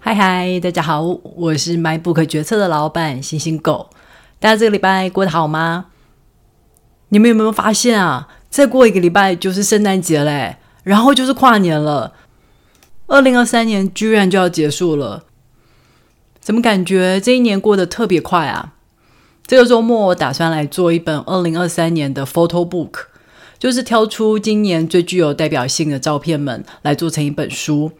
嗨嗨，大家好，我是 My Book 決策的老闆星星狗。大家這個禮拜過得好嗎？你們有沒有發現啊？再過一個禮拜就是聖誕節嘞，然後就是跨年了，二零二三年居然就要結束了，怎麼感覺這一年過得特別快啊？這個周末我打算來做一本二零二三年的 photo book，就是挑出今年最具有代表性的照片們來做成一本書。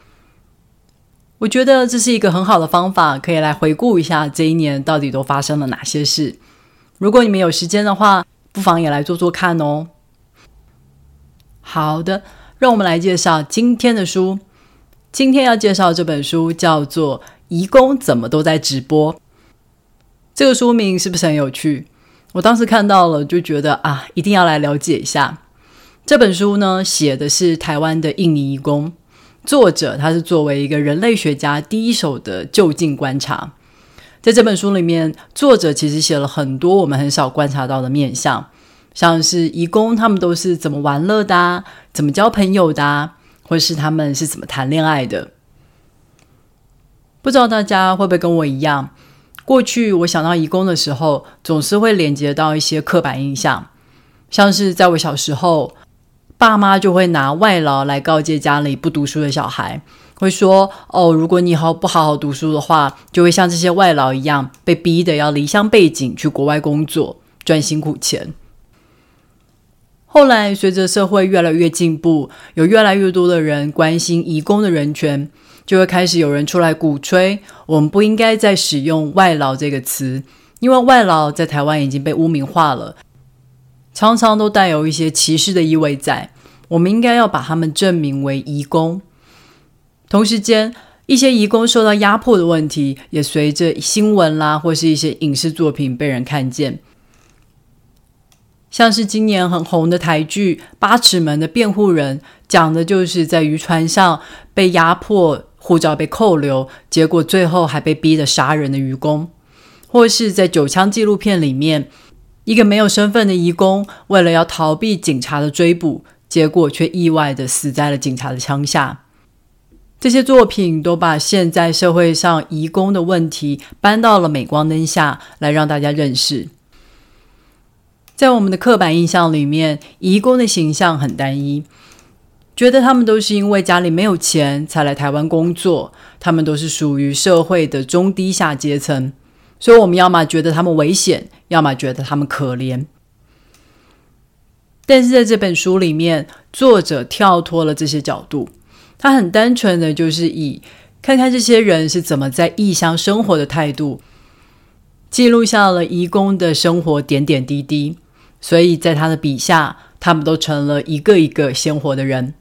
我覺得這是一個很好的方法，可以來回顧一下這一年到底都發生了哪些事。如果你們有時間的話，不妨也來做做看哦。好的，讓我們來介紹今天的書。今天要介紹這本書叫做《移工怎麼都在直播》，這個書名是不是很有趣？我當時看到了，就覺得啊，一定要來了解一下。這本書呢，寫的是台灣的印尼移工。作者他是作為一個人類學家第一手的就近觀察，在這本書裡面，作者其實寫了很多我們很少觀察到的面向，像是移工他們都是怎麼玩樂的、啊，怎麼交朋友的、啊，或是他們是怎麼談戀愛的。不知道大家會不會跟我一樣，過去我想到移工的時候，總是會連接到一些刻板印象，像是在我小時候。爸媽就會拿外勞來告誡家裡不讀書的小孩，會說：“哦，如果你以後不好好讀書的話，就會像這些外勞一樣，被逼得要離鄉背井去國外工作賺辛苦錢。”後來，隨着社會越來越進步，有越來越多的人關心移工的人權，就會開始有人出來鼓吹，我們不應該再使用“外勞”這個詞，因為“外勞”在台灣已經被污名化了。常常都帶有一些歧視的意味在，我們應該要把他們正名為移工。同時間，一些移工受到壓迫的問題也隨着新聞啦或是一些影視作品被人看見，像是今年很紅的台劇《八尺門的辯護人》，講的就是在漁船上被壓迫、護照被扣留，結果最後還被逼得殺人的漁工，或是在《九槍》紀錄片裡面。一個沒有身份的移工，為了要逃避警察的追捕，結果卻意外地死在了警察的槍下。這些作品都把現在社會上移工的問題搬到了鎂光燈下，來讓大家認識。在我們的刻板印象裡面，移工的形象很單一，覺得他們都是因為家裡沒有錢才來台灣工作，他們都是屬於社會的中低下階層。所以，我們要麼覺得他們危險，要麼覺得他們可憐。但是，在這本書裡面，作者跳脫了這些角度，他很單純的就是以看看這些人是怎麼在異鄉生活的態度，記錄下了移工的生活點點滴滴。所以在他的筆下，他們都成了一個一個鮮活的人。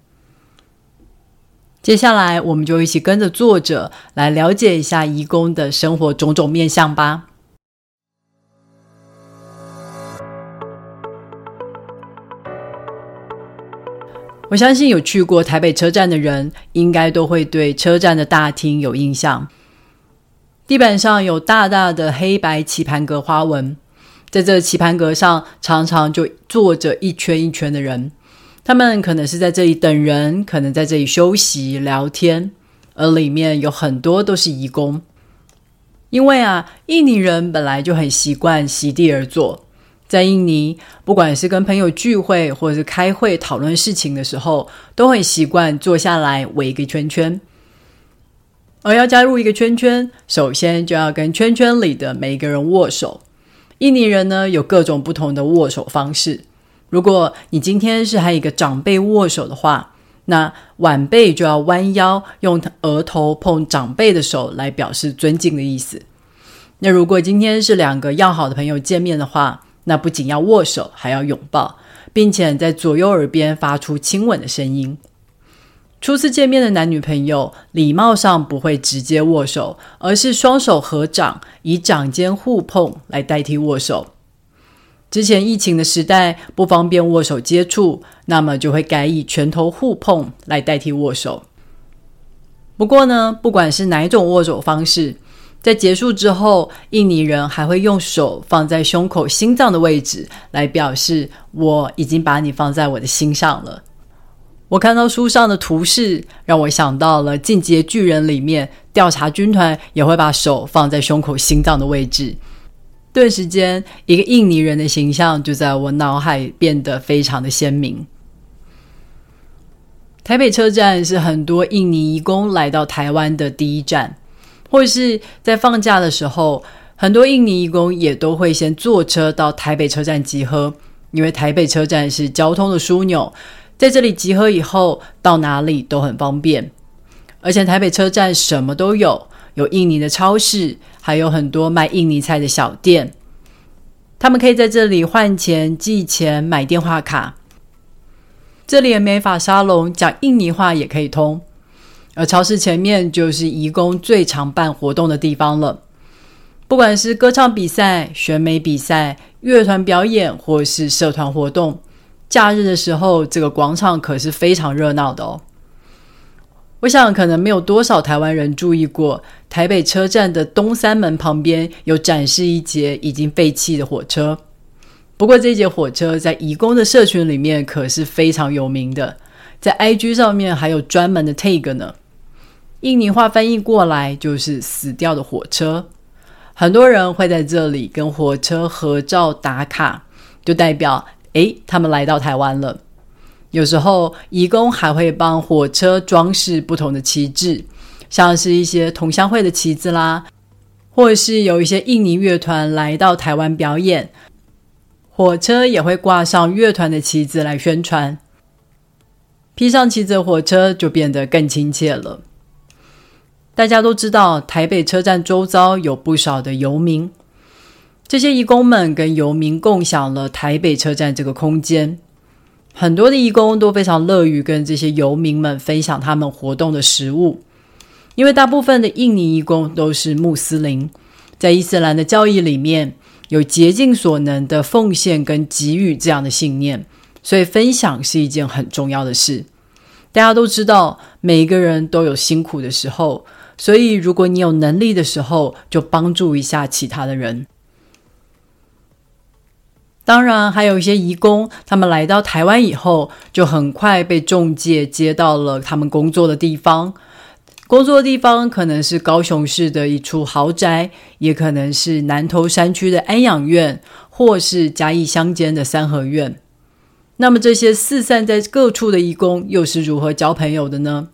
接下來，我們就一起跟着作者來了解一下移工的生活種種面向吧。我相信有去過台北車站的人，應該都會對車站的大廳有印象。地板上有大大的黑白棋盤格花紋，在這棋盤格上，常常就坐着一圈一圈的人。他們可能是在這裡等人，可能在這裡休息聊天，而裡面有很多都是移工，因為啊，印尼人本來就很習慣席地而坐，在印尼，不管是跟朋友聚會或者是開會討論事情的時候，都很習慣坐下來圍一個圈圈，而要加入一個圈圈，首先就要跟圈圈裡的每一個人握手。印尼人呢，有各種不同的握手方式。如果你今天是和一個長輩握手的話，那晚輩就要彎腰，用額頭碰長輩的手來表示尊敬的意思。那如果今天是兩個要好的朋友見面的話，那不僅要握手，還要擁抱，並且在左右耳邊發出親吻的聲音。初次見面的男女朋友，禮貌上不會直接握手，而是雙手合掌，以掌尖互碰來代替握手。之前疫情的時代不方便握手接觸，那麼就會改以拳頭互碰來代替握手。不過呢，不管是哪種握手方式，在結束之後，印尼人還會用手放在胸口心臟的位置，來表示我已經把你放在我的心上了。我看到書上的圖示，讓我想到了《進階巨人》裡面調查軍團也會把手放在胸口心臟的位置。頓時間，一個印尼人的形象就在我腦海變得非常的鮮明。台北車站是很多印尼移工來到台灣的第一站，或是在放假的時候，很多印尼移工也都會先坐車到台北車站集合，因為台北車站是交通的樞紐，在這裡集合以後，到哪裡都很方便，而且台北車站什麼都有。有印尼的超市，還有很多賣印尼菜的小店。他們可以在這裡換錢、寄錢、買電話卡。這裡也有美髮沙龍，講印尼話也可以通。而超市前面就是移工最常辦活動的地方了。不管是歌唱比賽、選美比賽、樂團表演，或是社團活動，假日的時候，這個廣場可是非常熱鬧的哦。我想，可能沒有多少台灣人注意過台北車站的東三門旁邊有展示一節已經廢棄的火車。不過，這節火車在移工的社群裡面可是非常有名的，在 IG 上面還有專門的 tag 呢。印尼話翻譯過來就是“死掉的火車”，很多人會在這裡跟火車合照打卡，就代表誒他們來到台灣了。有時候，移工還會幫火車裝飾不同的旗幟，像是一些同鄉會的旗子啦，或者是有一些印尼樂團來到台灣表演，火車也會掛上樂團的旗子來宣傳。披上旗子的火車就變得更親切了。大家都知道，台北車站周遭有不少的遊民，這些移工們跟遊民共享了台北車站這個空間。很多的移工都非常樂於跟這些遊民們分享他們活動的食物，因為大部分的印尼移工都是穆斯林，在伊斯蘭的教義裡面有竭盡所能的奉獻跟給予這樣的信念，所以分享是一件很重要的事。大家都知道，每一個人都有辛苦的時候，所以如果你有能力的時候，就幫助一下其他的人。當然，還有一些移工，他們來到台灣以後，就很快被仲介接到了他們工作的地方。工作的地方可能是高雄市的一處豪宅，也可能是南投山區的安養院，或是嘉義鄉間的三合院。那麼，這些四散在各處的移工，又是如何交朋友的呢？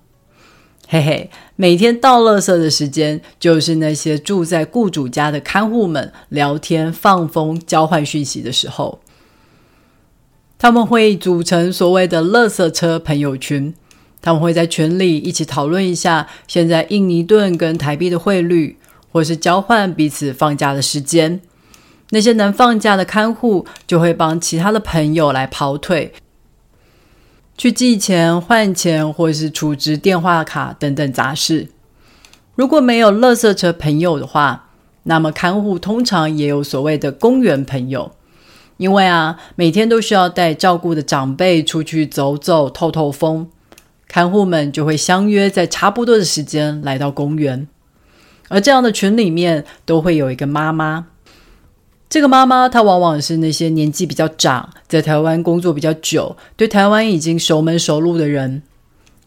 嘿嘿，每天倒垃圾的時間，就是那些住在雇主家的看護們聊天、放風、交換訊息的時候。他們會組成所謂的“垃圾車朋友群”，他們會在群裡一起討論一下現在印尼盾跟台幣的匯率，或是交換彼此放假的時間。那些能放假的看護就會幫其他的朋友來跑腿。去寄錢、換錢，或是儲值電話卡等等雜事。如果沒有垃圾車朋友的話，那麼看護通常也有所謂的公園朋友，因為啊，每天都需要帶照顧的長輩出去走走、透透風，看護們就會相約在差不多的時間來到公園，而這樣的群裡面都會有一個媽媽。這個媽媽，她往往是那些年紀比較長，在台灣工作比較久，對台灣已經熟門熟路的人。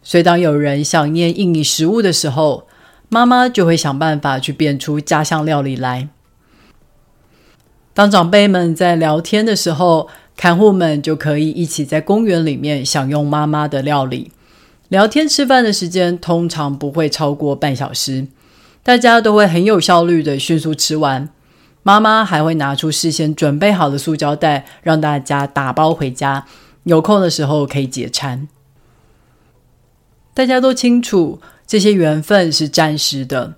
所以，當有人想念印尼食物的時候，媽媽就會想辦法去變出家鄉料理來。當長輩們在聊天的時候，看護們就可以一起在公園裡面享用媽媽的料理。聊天吃飯的時間通常不會超過半小時，大家都會很有效率地迅速吃完。媽媽還會拿出事先準備好的塑膠袋，讓大家打包回家。有空的時候可以解饞。大家都清楚，這些緣分是暫時的，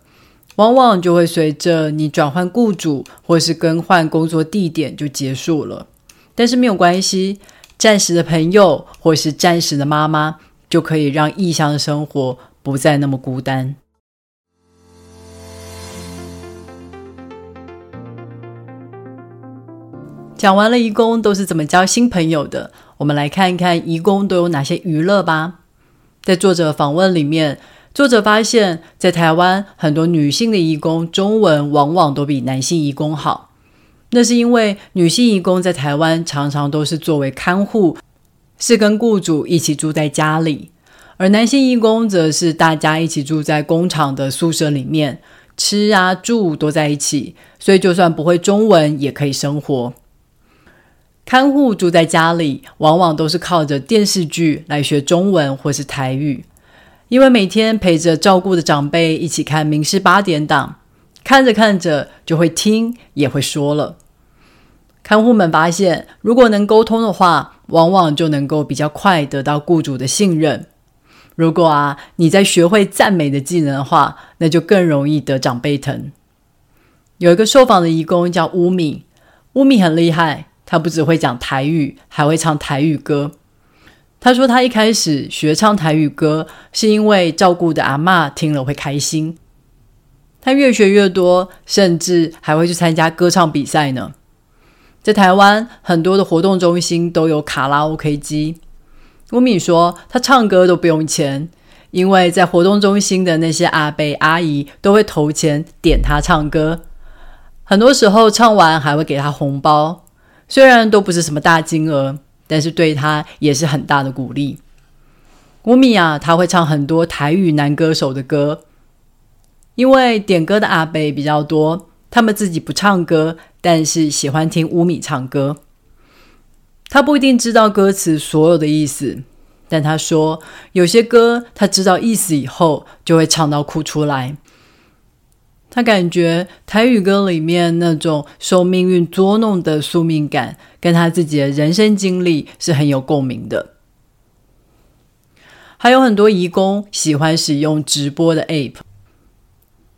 往往就會隨着你轉換僱主或是更換工作地點就結束了。但是沒有關係，暫時的朋友或是暫時的媽媽，就可以讓異鄉的生活不再那麼孤單。講完了，移工都是怎麼交新朋友的？我們來看一看，移工都有哪些娛樂吧。在作者訪問裡面，作者發現，在台灣很多女性的移工中文往往都比男性移工好。那是因為女性移工在台灣常常都是作為看護，是跟雇主一起住在家裡，而男性移工則是大家一起住在工廠的宿舍裡面，吃啊住都在一起，所以就算不會中文也可以生活。看護住在家裡，往往都是靠着電視劇來學中文或是台語，因為每天陪着照顧的長輩一起看《民視八點檔》，看着看着就會聽也會說了。看護們發現，如果能溝通的話，往往就能夠比較快得到雇主的信任。如果啊，你在學會讚美的技能的話，那就更容易得長輩疼。有一個受訪的移工叫 Umi，巫米，巫米很厲害。他不只會講台語，還會唱台語歌。他說，他一開始學唱台語歌是因為照顧的阿嬤聽了會開心。他越學越多，甚至還會去參加歌唱比賽呢。在台灣很多的活動中心都有卡拉 OK 機。我敏說，他唱歌都不用錢，因為在活動中心的那些阿伯阿姨都會投錢點他唱歌。很多時候唱完還會給他紅包。雖然都不是什麼大金額，但是對他也是很大的鼓勵。烏米啊，他會唱很多台語男歌手的歌，因為點歌的阿伯比較多，他們自己不唱歌，但是喜歡聽烏米唱歌。他不一定知道歌詞所有的意思，但他說有些歌他知道意思以後，就會唱到哭出來。他感覺台語歌裡面那種受命運捉弄的宿命感，跟他自己的人生經歷是很有共鳴的。還有很多移工喜歡使用直播的 App，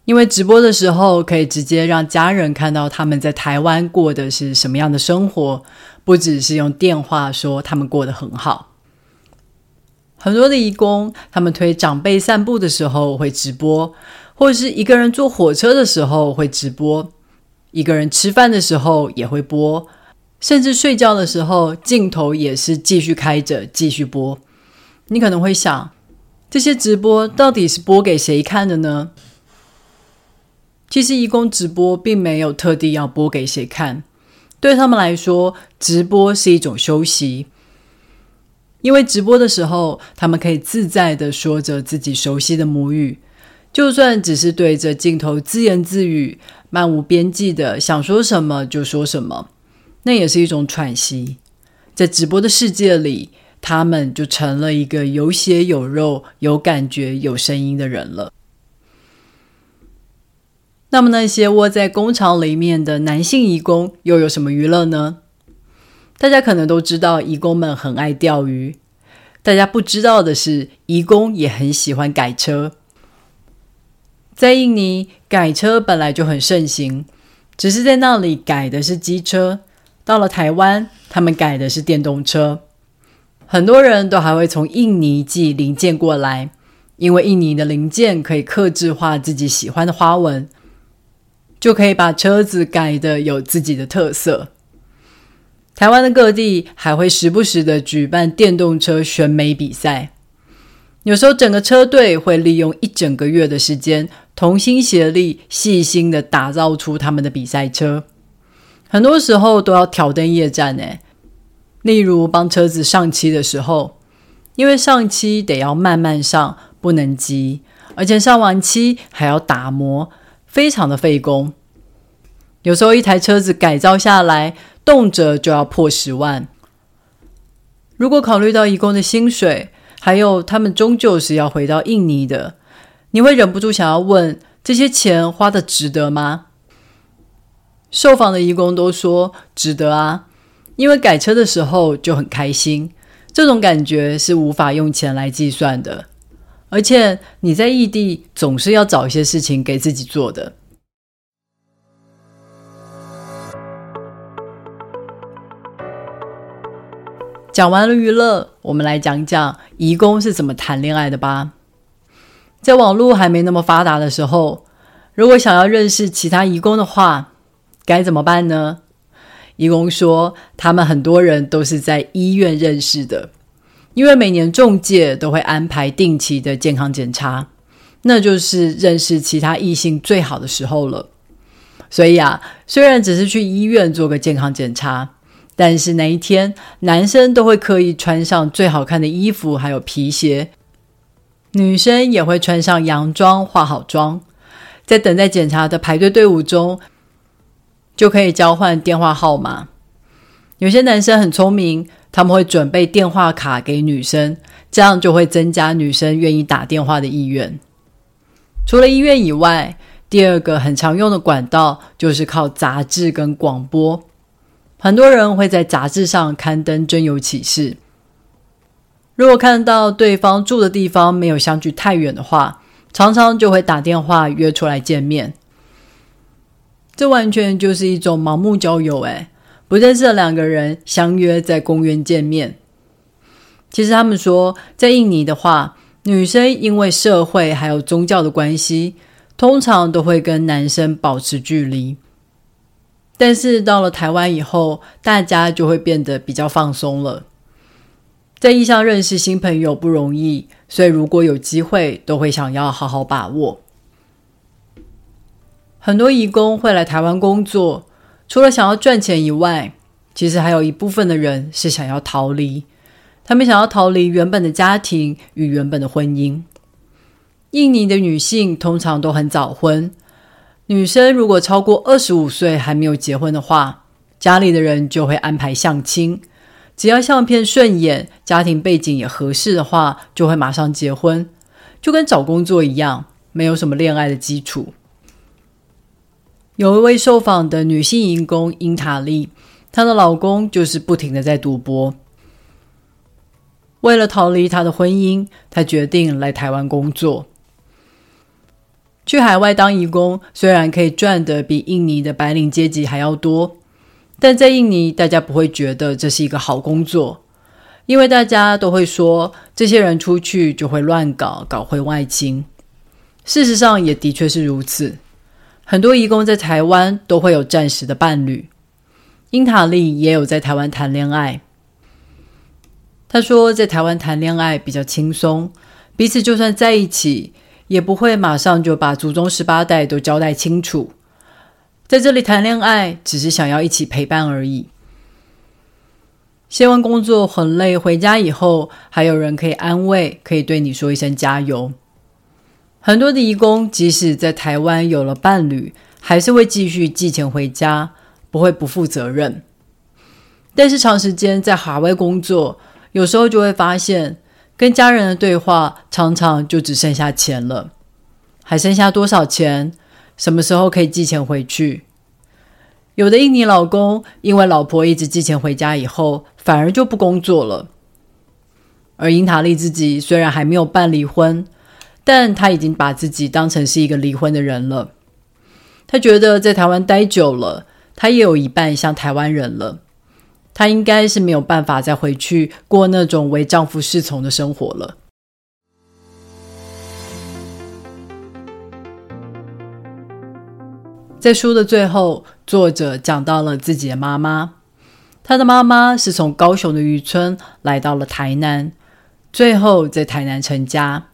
因為直播的時候可以直接讓家人看到他們在台灣過的是什麼樣的生活，不只是用電話說他們過得很好。很多的移工，他們推長輩散步的時候會直播。或者是一個人坐火車的時候會直播，一個人吃飯的時候也會播，甚至睡覺的時候鏡頭也是繼續開着繼續播。你可能會想，這些直播到底是播給誰看的呢？其實移工直播並沒有特地要播給誰看，對他們來說，直播是一種休息，因為直播的時候，他們可以自在的說着自己熟悉的母語。就算只是對着鏡頭自言自語，漫無邊際的想說什麼就說什麼，那也是一種喘息。在直播的世界裡，他們就成了一個有血有肉、有感覺、有聲音的人了。那麼，那些窩在工廠裡面的男性移工又有什麼娛樂呢？大家可能都知道，移工們很愛釣魚。大家不知道的是，移工也很喜歡改車。在印尼改車本來就很盛行，只是在那裡改的是機車，到了台灣，他們改的是電動車。很多人都還會從印尼寄零件過來，因為印尼的零件可以客製化，自己喜歡的花紋，就可以把車子改得有自己的特色。台灣的各地還會時不時的舉辦電動車選美比賽。有時候整個車隊會利用一整個月的時間，同心協力、細心的打造出他們的比賽車。很多時候都要挑燈夜戰呢，例如幫車子上漆的時候，因為上漆得要慢慢上，不能急，而且上完漆還要打磨，非常的費工。有時候一台車子改造下來，動輒就要破十萬。如果考慮到移工的薪水，還有，他們終究是要回到印尼的。你會忍不住想要問：這些錢花得值得嗎？受訪的移工都說值得啊，因為改車的時候就很開心，這種感覺是無法用錢來計算的。而且你在異地總是要找一些事情給自己做的。講完了娛樂，我們來講講移工是怎麼談戀愛的吧。在網絡還沒那麼發達的時候，如果想要認識其他移工的話，該怎麼辦呢？移工說，他們很多人都是在醫院認識的，因為每年仲介都會安排定期的健康檢查，那就是認識其他異性最好的時候了。所以啊，雖然只是去醫院做個健康檢查。但是那一天，男生都會刻意穿上最好看的衣服，還有皮鞋；女生也會穿上洋裝，化好妝，在等待檢查的排隊隊伍中，就可以交換電話號碼。有些男生很聰明，他們會準備電話卡給女生，這樣就會增加女生願意打電話的意願。除了醫院以外，第二個很常用的管道就是靠雜誌跟廣播。很多人會在雜誌上刊登徵友啟事。如果看到對方住的地方沒有相距太遠的話，常常就會打電話約出來見面。這完全就是一種盲目交友哎，不認識的兩個人相約在公園見面。其實他們說，在印尼的話，女生因為社會還有宗教的關係，通常都會跟男生保持距離。但是到了台灣以後，大家就會變得比較放鬆了。在異鄉認識新朋友不容易，所以如果有機會，都會想要好好把握。很多移工會來台灣工作，除了想要賺錢以外，其實還有一部分的人是想要逃離。他們想要逃離原本的家庭與原本的婚姻。印尼的女性通常都很早婚。女生如果超過二十五歲還沒有結婚的話，家裡的人就會安排相親。只要相片順眼，家庭背景也合適的話，就會馬上結婚，就跟找工作一樣，沒有什麼戀愛的基礎。有一位受訪的女性移工英塔利，她的老公就是不停的在賭博，為了逃離她的婚姻，她決定來台灣工作。去海外當移工，雖然可以賺得比印尼的白領階級還要多，但在印尼，大家不會覺得這是一個好工作，因為大家都會說，這些人出去就會亂搞，搞婚外情。事實上，也的確是如此。很多移工在台灣都會有暫時的伴侶，英塔利也有在台灣談戀愛。他說，在台灣談戀愛比較輕鬆，彼此就算在一起。也不會馬上就把祖宗十八代都交代清楚，在這裡談戀愛，只是想要一起陪伴而已。卸完工作很累，回家以後還有人可以安慰，可以對你說一聲加油。很多的移工即使在台灣有了伴侶，還是會繼續寄錢回家，不會不負責任。但是長時間在海外工作，有時候就會發現。跟家人的對話常常就只剩下錢了，還剩下多少錢？什麼時候可以寄錢回去？有的印尼老公因為老婆一直寄錢回家以後，反而就不工作了。而英塔利自己雖然還沒有辦離婚，但她已經把自己當成是一個離婚的人了。她覺得在台灣待久了，她也有一半像台灣人了。她應該是沒有辦法再回去過那種為丈夫侍從的生活了。在書的最後，作者講到了自己的媽媽。她的媽媽是從高雄的漁村來到了台南，最後在台南成家。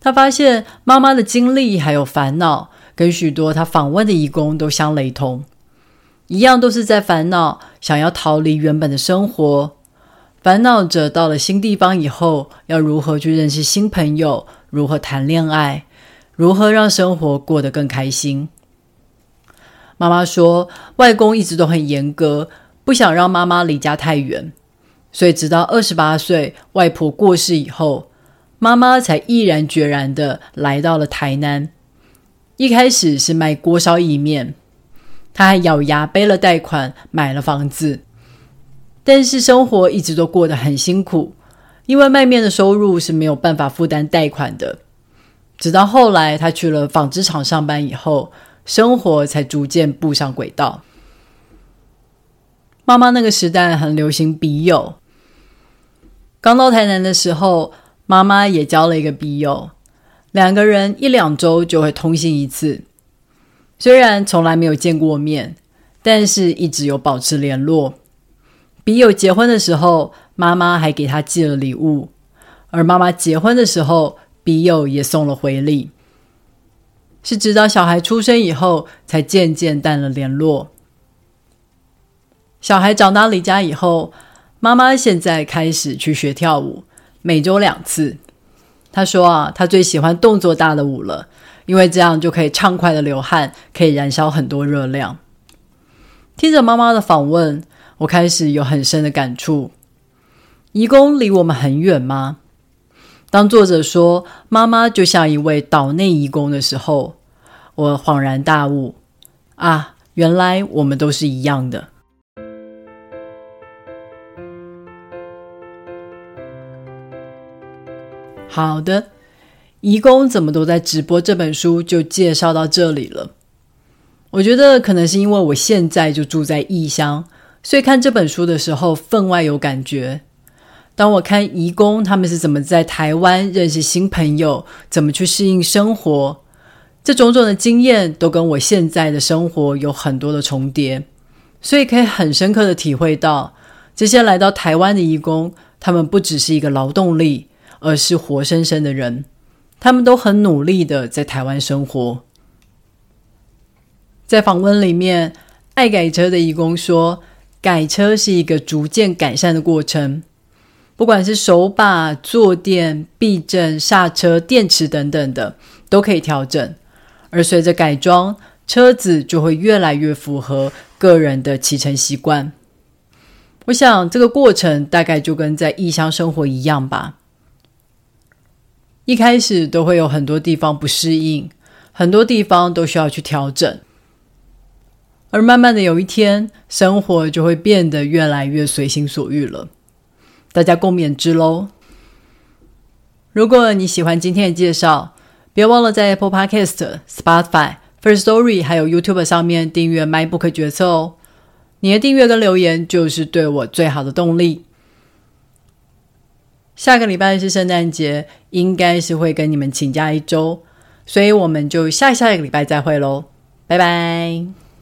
她發現媽媽的經歷還有煩惱，跟許多她訪問的移工都相雷同。一樣都是在煩惱，想要逃離原本的生活，煩惱着到了新地方以後要如何去認識新朋友，如何談戀愛，如何讓生活過得更開心。媽媽說，外公一直都很嚴格，不想讓媽媽離家太遠，所以直到二十八歲，外婆過世以後，媽媽才毅然決然的來到了台南。一開始是賣鍋燒意麵。他還咬牙背了貸款買了房子，但是生活一直都過得很辛苦，因為賣麵的收入是沒有辦法負擔貸款的。直到後來他去了紡織廠上班以後，生活才逐漸步上軌道。媽媽那個時代很流行筆友，剛到台南的時候，媽媽也交了一個筆友，兩個人一兩週就會通信一次。雖然從來沒有見過面，但是一直有保持聯絡。筆友結婚的時候，媽媽還給他寄了禮物；而媽媽結婚的時候，筆友也送了回禮。是直到小孩出生以後，才漸漸淡了聯絡。小孩長大離家以後，媽媽現在開始去學跳舞，每週兩次。她說啊，她最喜歡動作大的舞了。因為這樣就可以暢快的流汗，可以燃燒很多熱量。聽着媽媽的訪問，我開始有很深的感觸。移工離我們很遠嗎？當作者說媽媽就像一位島內移工的時候，我恍然大悟，啊，原來我們都是一樣的。好的。移工怎麼都在直播？這本書就介紹到這裡了。我覺得可能是因為我現在就住在異鄉，所以看這本書的時候分外有感覺。當我看移工他們是怎麼在台灣認識新朋友，怎麼去適應生活，這種種的經驗都跟我現在的生活有很多的重疊，所以可以很深刻的體會到這些來到台灣的移工，他們不只是一個勞動力，而是活生生的人。他們都很努力的在台灣生活。在訪問裡面，愛改車的移工說，改車是一個逐漸改善的過程，不管是手把、坐墊、避震、剎車、電池等等的，都可以調整。而隨着改裝，車子就會越來越符合個人的騎乘習慣。我想這個過程大概就跟在異鄉生活一樣吧。一開始都會有很多地方不適應，很多地方都需要去調整，而慢慢的有一天，生活就會變得越來越隨心所欲了。大家共勉之嘍！如果你喜歡今天的介紹，別忘了在 Apple Podcast、Spotify、Firstory 還有 YouTube 上面訂閱《MyBook 決策》哦。你的訂閱跟留言就是對我最好的動力。下個禮拜是聖誕節。應該是會跟你們請假一周，所以我們就下下一個禮拜再會嘍，拜拜。